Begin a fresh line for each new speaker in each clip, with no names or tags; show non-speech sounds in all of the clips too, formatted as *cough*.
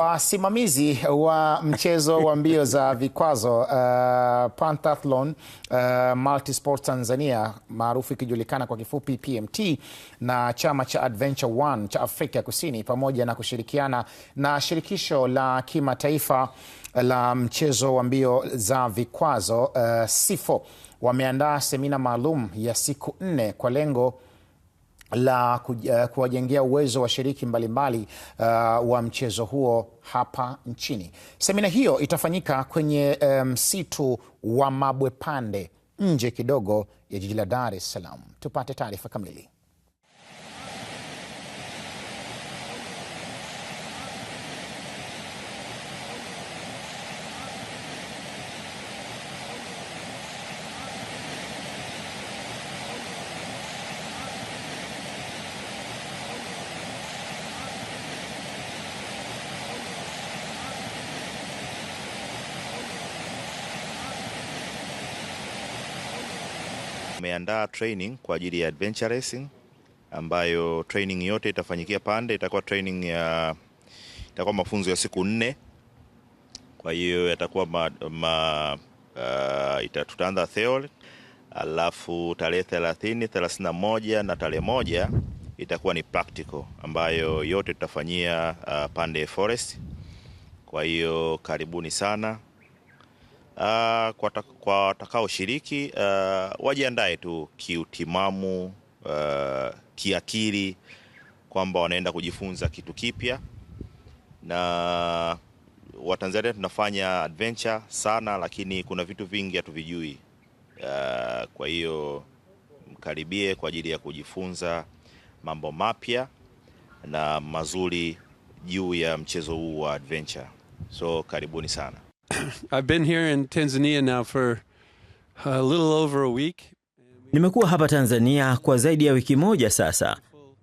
Wasimamizi wa mchezo wa mbio za vikwazo uh, Pantathlon uh, Multisport Tanzania maarufu ikijulikana kwa kifupi PMT na chama cha Adventure One cha Afrika Kusini pamoja na kushirikiana na shirikisho la kimataifa la mchezo wa mbio za vikwazo uh, SIFO wameandaa semina maalum ya siku nne kwa lengo la eh, kuwajengea uwezo washiriki mbalimbali uh, wa mchezo huo hapa nchini. Semina hiyo itafanyika kwenye eh, msitu um, wa Mabwepande nje kidogo ya jiji la Dar es Salaam. Tupate taarifa kamili.
umeandaa training kwa ajili ya adventure racing ambayo training yote itafanyikia Pande. Itakuwa training ya itakuwa mafunzo ya siku nne, kwa hiyo yatakuwa ma, ma, uh, ita, tutaanza theory alafu tarehe 30, 31 na tarehe moja itakuwa ni practical ambayo yote tutafanyia uh, Pande Forest. Kwa hiyo karibuni sana. Ah, kwa watakaoshiriki uh, wajiandae tu kiutimamu uh, kiakili kwamba wanaenda kujifunza kitu kipya, na Watanzania tunafanya adventure sana, lakini kuna vitu vingi hatuvijui. Uh, kwa hiyo mkaribie kwa ajili ya kujifunza mambo mapya na mazuri juu ya mchezo huu wa adventure. So karibuni sana.
*coughs* I've been here in Tanzania now for a little over a week.
Nimekuwa hapa Tanzania kwa zaidi ya wiki moja sasa,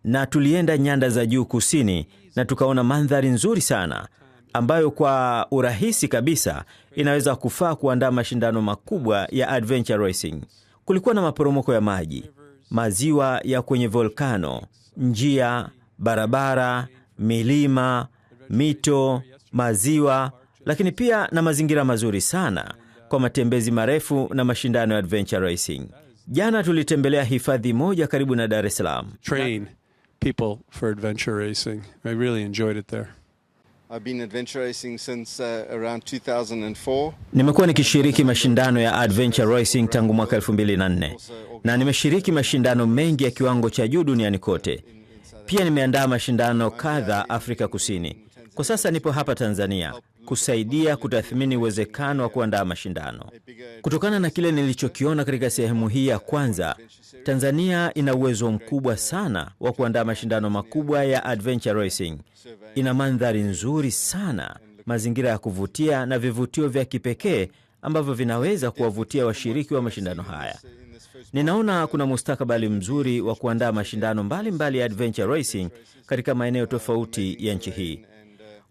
na tulienda nyanda za juu kusini na tukaona mandhari nzuri sana ambayo kwa urahisi kabisa inaweza kufaa kuandaa mashindano makubwa ya adventure racing. Kulikuwa na maporomoko ya maji, maziwa ya kwenye volkano, njia, barabara, milima, mito, maziwa lakini pia na mazingira mazuri sana kwa matembezi marefu na mashindano ya adventure racing. Jana tulitembelea hifadhi moja karibu na Dar es Salaam.
Train people for adventure racing. I really enjoyed it there. I've been adventure racing since, uh, around 2004.
Nimekuwa nikishiriki mashindano ya adventure racing tangu mwaka 2004 na nimeshiriki mashindano mengi ya kiwango cha juu duniani kote. Pia nimeandaa mashindano kadha Afrika Kusini. Kwa sasa nipo hapa Tanzania kusaidia kutathmini uwezekano wa kuandaa mashindano. Kutokana na kile nilichokiona katika sehemu hii ya kwanza, Tanzania ina uwezo mkubwa sana wa kuandaa mashindano makubwa ya adventure racing. Ina mandhari nzuri sana, mazingira ya kuvutia na vivutio vya kipekee ambavyo vinaweza kuwavutia washiriki wa mashindano haya. Ninaona kuna mustakabali mzuri wa kuandaa mashindano mbalimbali ya mbali adventure racing katika maeneo tofauti ya nchi hii.